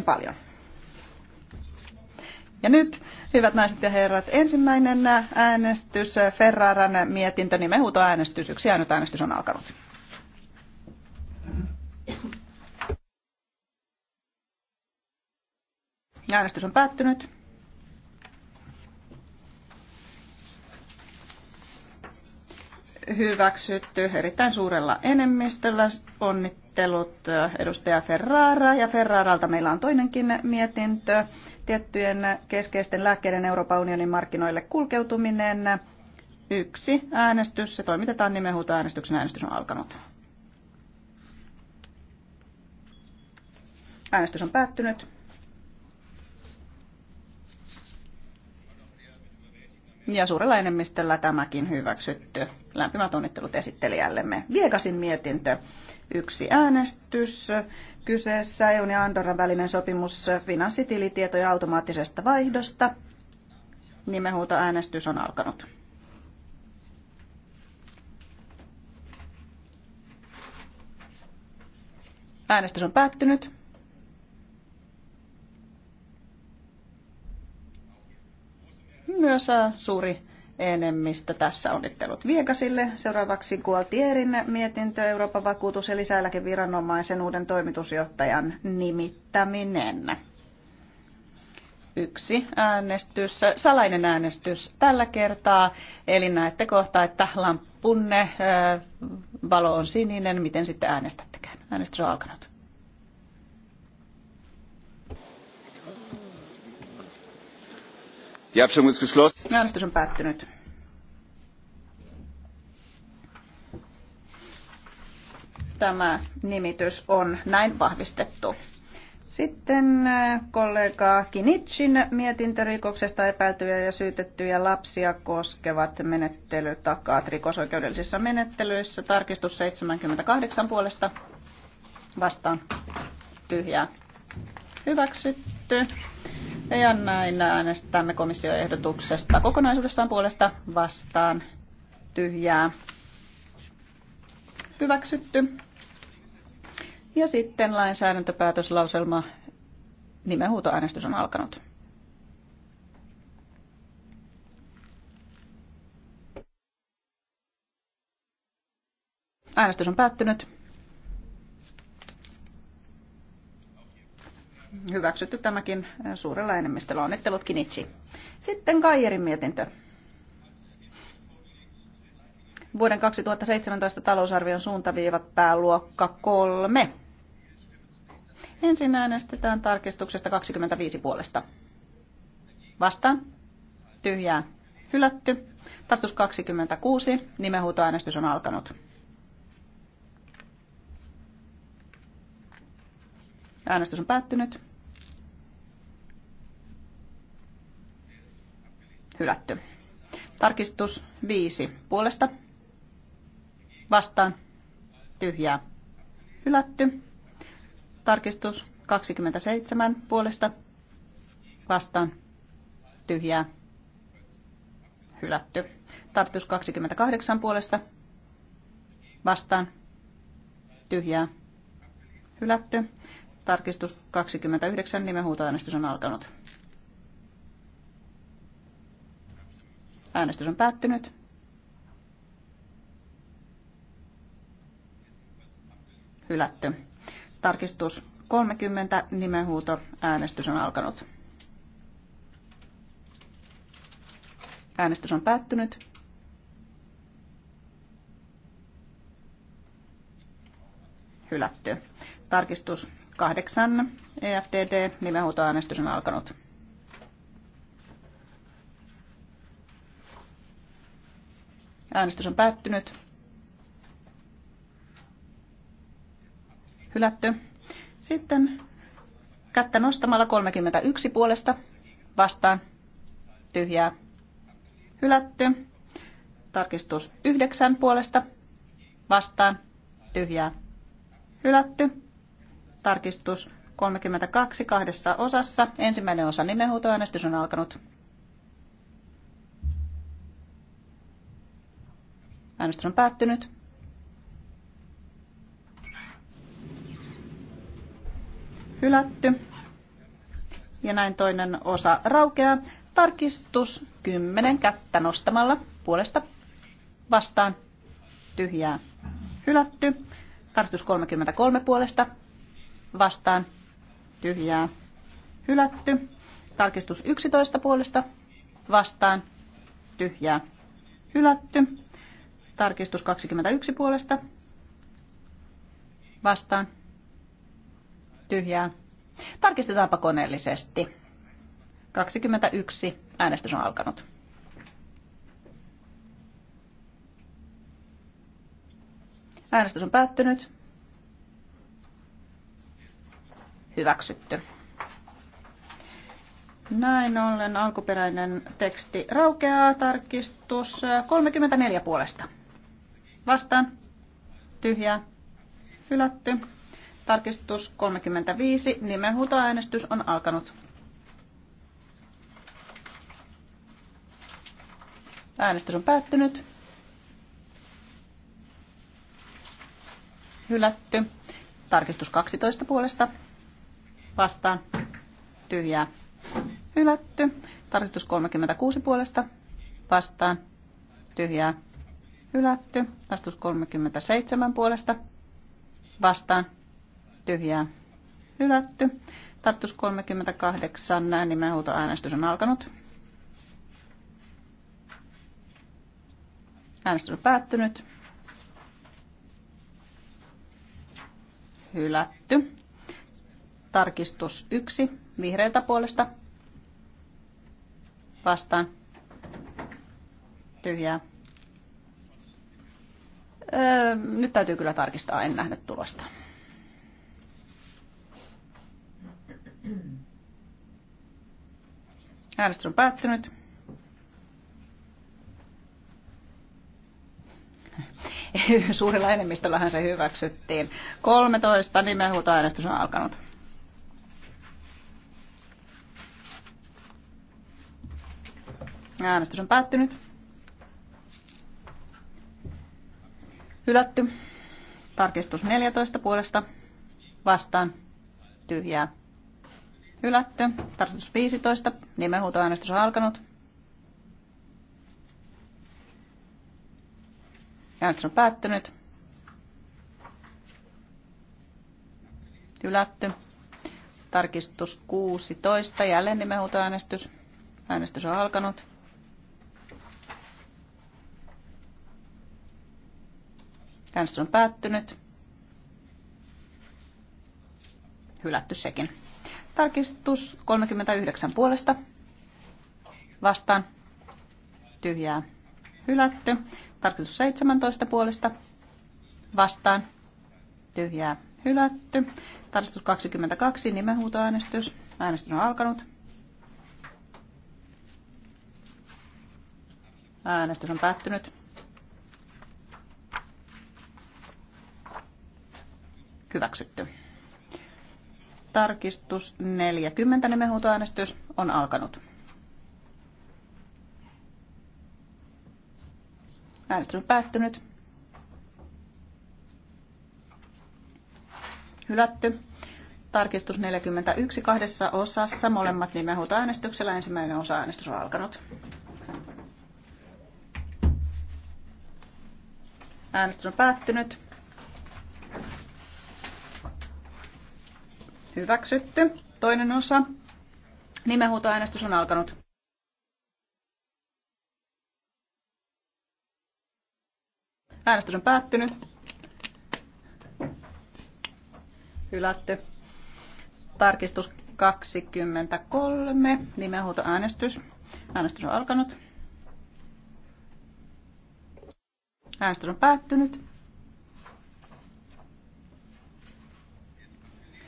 hyvin paljon. Ja nyt, hyvät naiset ja herrat, ensimmäinen äänestys, Ferraran mietintö, äänestys, yksi ainut äänestys on alkanut. Äänestys on päättynyt. Hyväksytty erittäin suurella enemmistöllä. Onnittelut Onnittelut edustaja Ferrara ja Ferraralta meillä on toinenkin mietintö. Tiettyjen keskeisten lääkkeiden Euroopan unionin markkinoille kulkeutuminen. Yksi äänestys. Se toimitetaan nimenhuuto äänestyksen. Äänestys on alkanut. Äänestys on päättynyt. ja suurella enemmistöllä tämäkin hyväksytty. Lämpimät onnittelut esittelijällemme. Viekasin mietintö. Yksi äänestys. Kyseessä EUn ja Andorran välinen sopimus finanssitilitietoja automaattisesta vaihdosta. Nimenhuuto äänestys on alkanut. Äänestys on päättynyt. myös äh, suuri enemmistö. Tässä onnittelut Viekasille. Seuraavaksi Gualtierin mietintö Euroopan vakuutus- ja lisäeläkeviranomaisen uuden toimitusjohtajan nimittäminen. Yksi äänestys, salainen äänestys tällä kertaa. Eli näette kohta, että lamppunne äh, valo on sininen, miten sitten äänestättekään. Äänestys on alkanut. Die Abstimmung ist Äänestys on päättynyt. Tämä nimitys on näin vahvistettu. Sitten äh, kollega Kinitsin mietintärikoksesta epäiltyjä ja syytettyjä lapsia koskevat menettelytakaat rikosoikeudellisissa menettelyissä. Tarkistus 78 puolesta vastaan tyhjää. Hyväksytty. Ja näin äänestämme komissioehdotuksesta kokonaisuudessaan puolesta vastaan tyhjää hyväksytty. Ja sitten lainsäädäntöpäätöslauselma nimenhuutoäänestys on alkanut. Äänestys on päättynyt. hyväksytty tämäkin suurella enemmistöllä. Onnittelut Kinitsi. Sitten Kaijerin mietintö. Vuoden 2017 talousarvion suuntaviivat pääluokka 3. Ensin äänestetään tarkistuksesta 25 puolesta. Vastaan. Tyhjää. Hylätty. Tarkistus 26. Nimenhuutoäänestys on alkanut. Äänestys on päättynyt. Hylätty. Tarkistus 5. Puolesta. Vastaan. Tyhjää. Hylätty. Tarkistus 27. Puolesta. Vastaan. Tyhjää. Hylätty. Tarkistus 28. Puolesta. Vastaan. Tyhjää. Hylätty. Tarkistus 29. Nimenhuutoäänestys on alkanut. Äänestys on päättynyt. Hylätty. Tarkistus 30. Nimenhuuto. Äänestys on alkanut. Äänestys on päättynyt. Hylätty. Tarkistus 8. EFDD. Äänestys on alkanut. Äänestys on päättynyt. Hylätty. Sitten kättä nostamalla 31 puolesta vastaan. Tyhjää. Hylätty. Tarkistus 9 puolesta vastaan. Tyhjää. Hylätty. Tarkistus 32 kahdessa osassa. Ensimmäinen osa nimenhuutoäänestys on alkanut. Äänestys on päättynyt. Hylätty. Ja näin toinen osa raukeaa. Tarkistus 10 kättä nostamalla puolesta vastaan tyhjää hylätty. Tarkistus 33 puolesta vastaan tyhjää hylätty. Tarkistus 11 puolesta vastaan tyhjää hylätty. Tarkistus 21 puolesta. Vastaan. Tyhjää. Tarkistetaanpa koneellisesti. 21. Äänestys on alkanut. Äänestys on päättynyt. Hyväksytty. Näin ollen alkuperäinen teksti raukeaa tarkistus 34 puolesta. Vastaan. Tyhjää. Hylätty. Tarkistus 35. Nimenhuutoäänestys on alkanut. Äänestys on päättynyt. Hylätty. Tarkistus 12 puolesta. Vastaan. Tyhjää. Hylätty. Tarkistus 36 puolesta. Vastaan. Tyhjää. Hylätty. Vastus 37 puolesta. Vastaan. Tyhjää. Hylätty. Tartus 38. Näin nimenhuutoäänestys on alkanut. Äänestys on päättynyt. Hylätty. Tarkistus 1. Vihreältä puolesta. Vastaan. Tyhjää nyt täytyy kyllä tarkistaa, en nähnyt tulosta. Äänestys on päättynyt. Suurella enemmistöllähän se hyväksyttiin. 13 äänestys on alkanut. Äänestys on päättynyt. Hylätty. Tarkistus 14 puolesta vastaan tyhjää. Hylätty. Tarkistus 15. Nimenhuutoäänestys on alkanut. Äänestys on päättynyt. Hylätty. Tarkistus 16. Jälleen nimenhuutoäänestys. Äänestys on alkanut. Äänestys on päättynyt. Hylätty sekin. Tarkistus 39 puolesta. Vastaan. Tyhjää. Hylätty. Tarkistus 17 puolesta. Vastaan. Tyhjää. Hylätty. Tarkistus 22. Nimenhuutoäänestys. Äänestys on alkanut. Äänestys on päättynyt. Hyväksytty. Tarkistus 40 nimenhuutoäänestys on alkanut. Äänestys on päättynyt. Hylätty. Tarkistus 41 kahdessa osassa. Molemmat nimenhuutoäänestyksellä. Ensimmäinen osa äänestys on alkanut. Äänestys on päättynyt. Hyväksytty. Toinen osa. Nimenhuutoäänestys on alkanut. Äänestys on päättynyt. Hylätty. Tarkistus 23. Nimenhuutoäänestys. Äänestys on alkanut. Äänestys on päättynyt.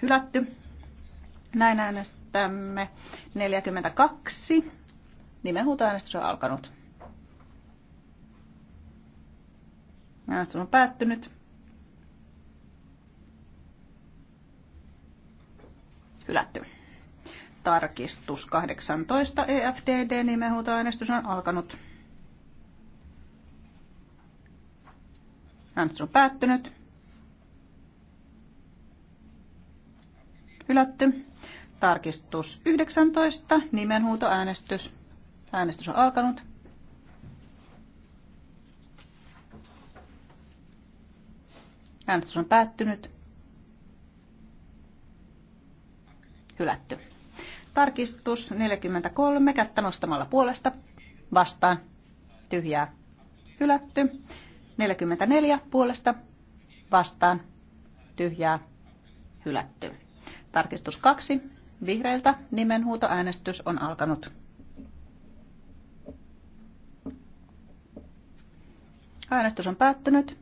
hylätty. Näin äänestämme 42. Nimenhuutoäänestys on alkanut. Äänestys on päättynyt. Hylätty. Tarkistus 18 EFDD nimenhuutoäänestys on alkanut. Äänestys on päättynyt. Hylätty. Tarkistus 19. Nimenhuutoäänestys. Äänestys on alkanut. Äänestys on päättynyt. Hylätty. Tarkistus 43. Kättä nostamalla puolesta. Vastaan. Tyhjää. Hylätty. 44. Puolesta. Vastaan. Tyhjää. Hylätty. Tarkistus kaksi. Vihreiltä nimenhuutoäänestys on alkanut. Äänestys on päättynyt.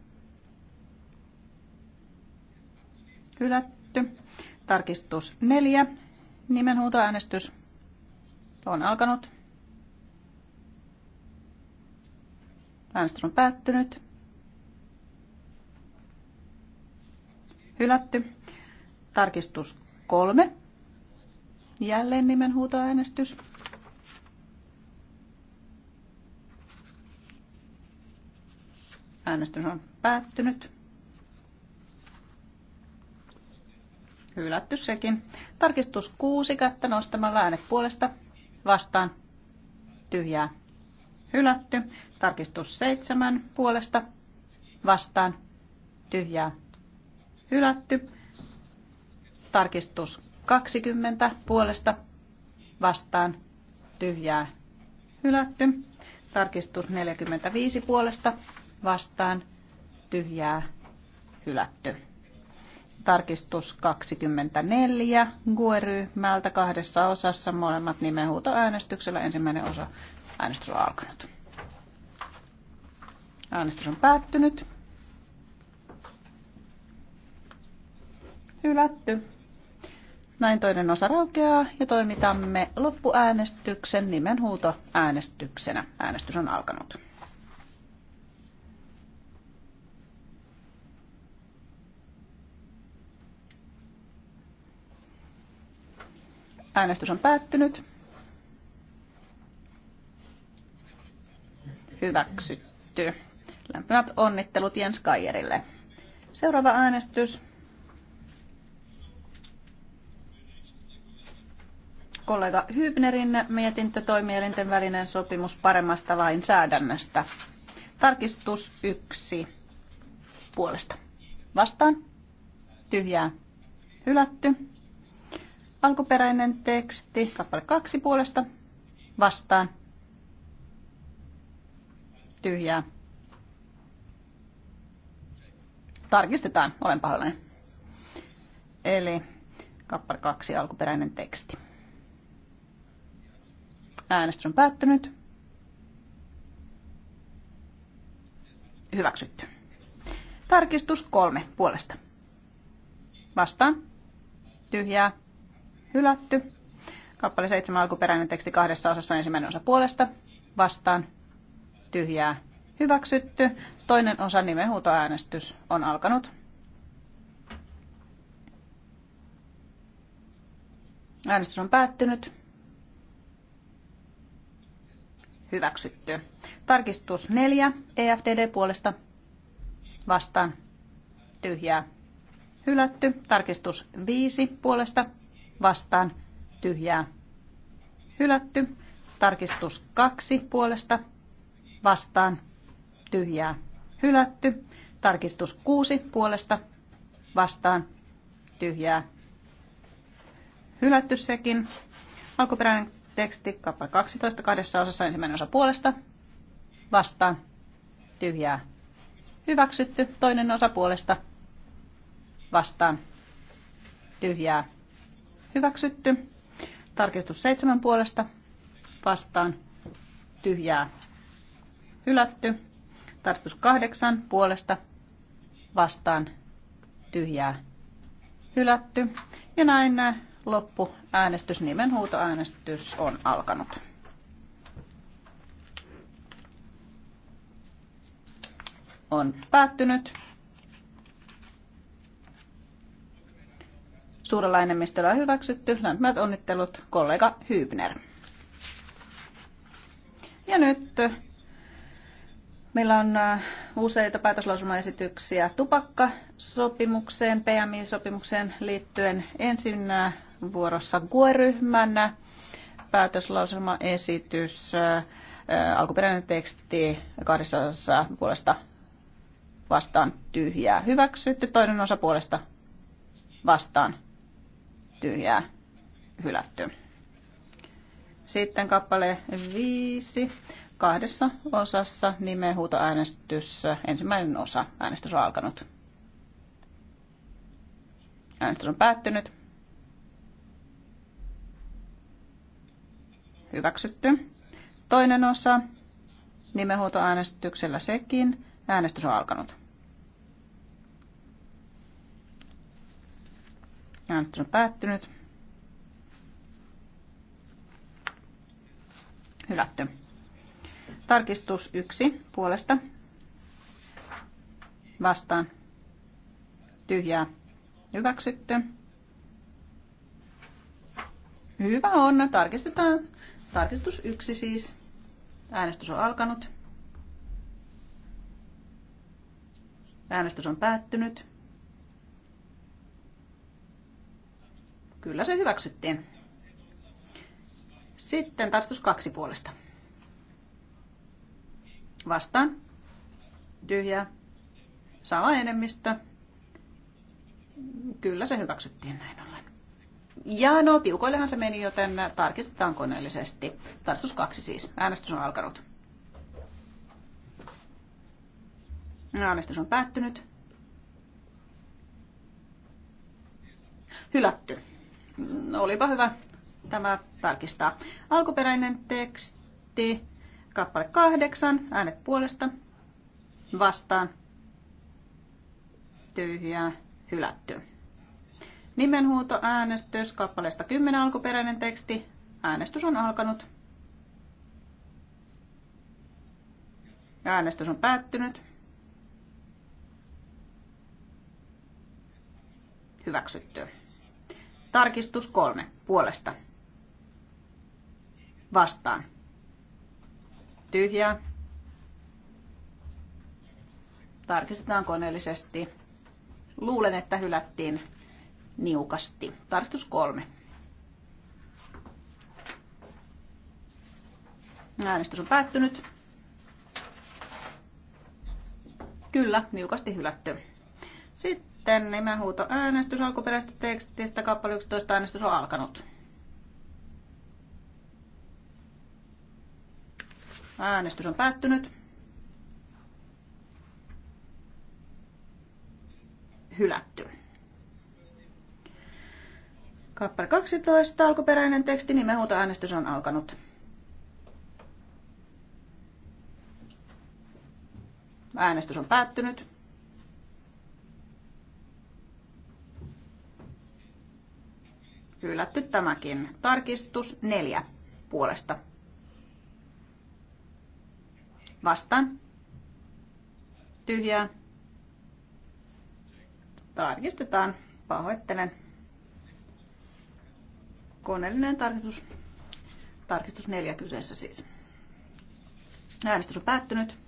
Hylätty. Tarkistus 4. Nimenhuutoäänestys on alkanut. Äänestys on päättynyt. Hylätty. Tarkistus Kolme. Jälleen nimenhuutoäänestys. Äänestys on päättynyt. Hylätty sekin. Tarkistus kuusi kättä nostamalla äänet puolesta vastaan. Tyhjää. Hylätty. Tarkistus seitsemän puolesta vastaan. Tyhjää. Hylätty. Tarkistus 20 puolesta vastaan tyhjää hylätty. Tarkistus 45 puolesta vastaan tyhjää hylätty. Tarkistus 24 GUE-ryhmältä kahdessa osassa molemmat nimenhuutoäänestyksellä. Ensimmäinen osa äänestys on alkanut. Äänestys on päättynyt. Hylätty. Näin toinen osa raukeaa ja toimitamme loppuäänestyksen nimenhuuto äänestyksenä. Äänestys on alkanut. Äänestys on päättynyt. Hyväksytty. Lämpimät onnittelut Jens Kaijerille. Seuraava äänestys. kollega Hybnerin mietintö toimielinten välinen sopimus paremmasta lainsäädännöstä. Tarkistus yksi puolesta. Vastaan. Tyhjää. Hylätty. Alkuperäinen teksti, kappale kaksi puolesta. Vastaan. Tyhjää. Tarkistetaan, olen pahoillani. Eli kappale kaksi alkuperäinen teksti. Äänestys on päättynyt. Hyväksytty. Tarkistus kolme puolesta. Vastaan. Tyhjää. Hylätty. Kappale 7 alkuperäinen teksti kahdessa osassa ensimmäinen osa puolesta. Vastaan. Tyhjää. Hyväksytty. Toinen osa nimenhuutoäänestys on alkanut. Äänestys on päättynyt hyväksytty. Tarkistus 4 EFDD puolesta vastaan tyhjää hylätty. Tarkistus 5 puolesta vastaan tyhjää hylätty. Tarkistus 2 puolesta vastaan tyhjää hylätty. Tarkistus 6 puolesta vastaan tyhjää hylätty sekin. Alkuperäinen teksti kappale 12 kahdessa osassa ensimmäinen osa puolesta vastaan tyhjää hyväksytty toinen osa puolesta vastaan tyhjää hyväksytty tarkistus seitsemän puolesta vastaan tyhjää hylätty tarkistus kahdeksan puolesta vastaan tyhjää hylätty ja näin äh, loppuäänestys, nimenhuutoäänestys on alkanut. On päättynyt. Suurella enemmistöllä hyväksytty. Lämpimät onnittelut kollega Hybner. Ja nyt Meillä on äh, useita päätöslausumaesityksiä tupakkasopimukseen, PMI-sopimukseen liittyen. Ensin äh, vuorossa GUE-ryhmän päätöslauselmaesitys, alkuperäinen teksti kahdessa puolesta vastaan tyhjää hyväksytty, toinen osa puolesta vastaan tyhjää hylätty. Sitten kappale 5 kahdessa osassa nimenhuutoäänestys. Ensimmäinen osa. Äänestys on alkanut. Äänestys on päättynyt. Hyväksytty. Toinen osa. Nimenhuutoäänestyksellä sekin. Äänestys on alkanut. Äänestys on päättynyt. Hylätty. Tarkistus 1 puolesta. Vastaan. Tyhjää. Hyväksytty. Hyvä on. Tarkistetaan Tarkistus yksi siis. Äänestys on alkanut. Äänestys on päättynyt. Kyllä se hyväksyttiin. Sitten tarkistus kaksi puolesta. Vastaan. Tyhjä. Sama enemmistö. Kyllä se hyväksyttiin näin on. Ja no, tiukoillehan se meni, joten tarkistetaan koneellisesti. Tarkistus kaksi siis. Äänestys on alkanut. Äänestys on päättynyt. Hylätty. Olipa hyvä tämä tarkistaa. Alkuperäinen teksti, kappale kahdeksan, äänet puolesta, vastaan, tyhjää, hylätty. Nimenhuuto äänestys, kappaleesta 10 alkuperäinen teksti. Äänestys on alkanut. Äänestys on päättynyt. Hyväksytty. Tarkistus kolme. Puolesta. Vastaan. Tyhjää. Tarkistetaan koneellisesti. Luulen, että hylättiin niukasti. Tarkistus kolme. Äänestys on päättynyt. Kyllä, niukasti hylätty. Sitten nimenhuuto äänestys alkuperäisestä tekstistä. Kappale 11 äänestys on alkanut. Äänestys on päättynyt. Hylätty. Kappale 12, alkuperäinen teksti, nimenhuutoäänestys on alkanut. Äänestys on päättynyt. Hylätty tämäkin. Tarkistus neljä puolesta. Vastaan. Tyhjää. Tarkistetaan. Pahoittelen. Koneellinen tarkistus. Tarkistus neljä kyseessä siis. Äänestys on päättynyt.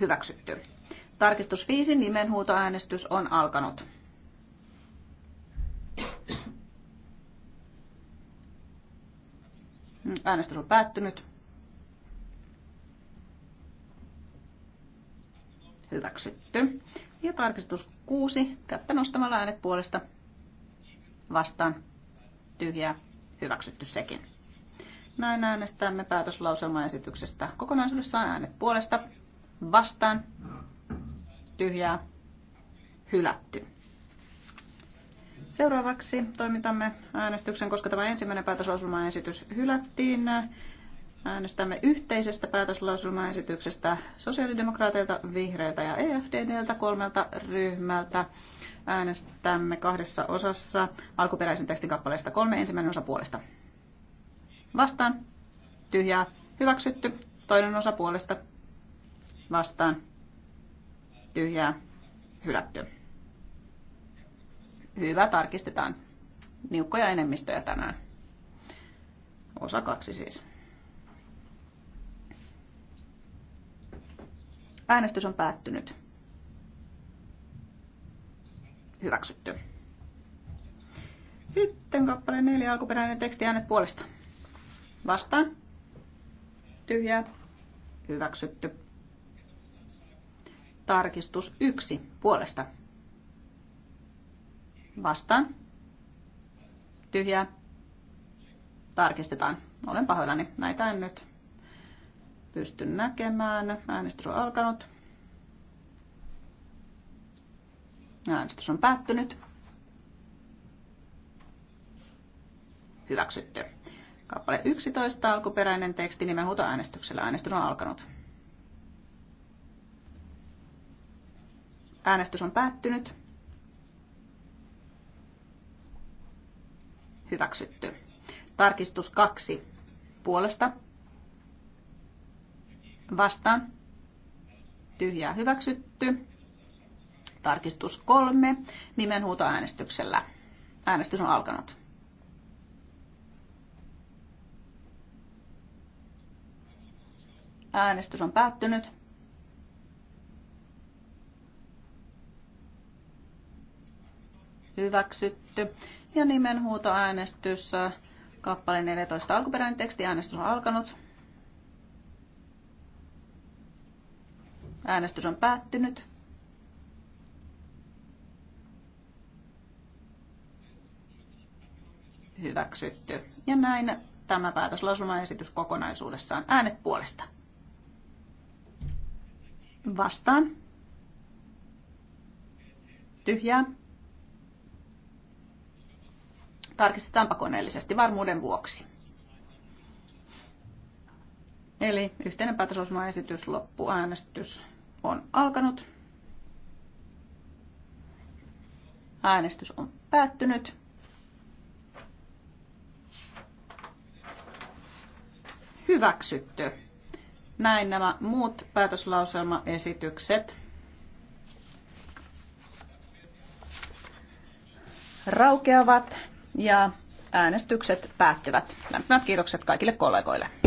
Hyväksytty. Tarkistus 5 nimenhuutoäänestys on alkanut. Äänestys on päättynyt. Hyväksytty. Ja tarkistus 6. Kättä nostamalla äänet puolesta vastaan. Tyhjää. Hyväksytty sekin. Näin äänestämme päätöslauselmaesityksestä. Kokonaisuudessaan äänet puolesta vastaan. Tyhjää. Hylätty. Seuraavaksi toimitamme äänestyksen, koska tämä ensimmäinen päätöslauselmaesitys hylättiin. Äänestämme yhteisestä päätöslauselmaesityksestä sosiaalidemokraateilta, vihreiltä ja EFDDltä kolmelta ryhmältä. Äänestämme kahdessa osassa alkuperäisen tekstin kappaleesta kolme ensimmäinen osa puolesta. Vastaan. Tyhjää. Hyväksytty. Toinen osa puolesta. Vastaan. Tyhjää. Hylätty. Hyvä, tarkistetaan. Niukkoja enemmistöjä tänään. Osa kaksi siis. Äänestys on päättynyt. Hyväksytty. Sitten kappale neljä alkuperäinen teksti äänet puolesta. Vastaan. Tyhjää. Hyväksytty. Tarkistus yksi puolesta. Vastaan. Tyhjää. Tarkistetaan. Olen pahoillani. Näitä en nyt pysty näkemään. Äänestys on alkanut. Äänestys on päättynyt. Hyväksytty. Kappale 11, alkuperäinen teksti nimenhuutoäänestyksellä. Äänestys on alkanut. Äänestys on päättynyt. Hyväksytty. Tarkistus 2. Puolesta Vastaan. Tyhjää hyväksytty. Tarkistus kolme. Nimenhuutoäänestyksellä. Äänestys on alkanut. Äänestys on päättynyt. Hyväksytty. Ja nimenhuutoäänestys. Kappale 14 alkuperäinen teksti. Äänestys on alkanut. Äänestys on päättynyt. Hyväksytty. Ja näin tämä päätöslausumaesitys kokonaisuudessaan. Äänet puolesta. Vastaan. Tyhjää. Tarkistetaanpa koneellisesti varmuuden vuoksi. Eli yhteinen päätöslausumaesitys, loppuäänestys on alkanut. Äänestys on päättynyt. Hyväksytty. Näin nämä muut päätöslauselmaesitykset. raukeavat ja äänestykset päättyvät. Lämpimät kiitokset kaikille kollegoille.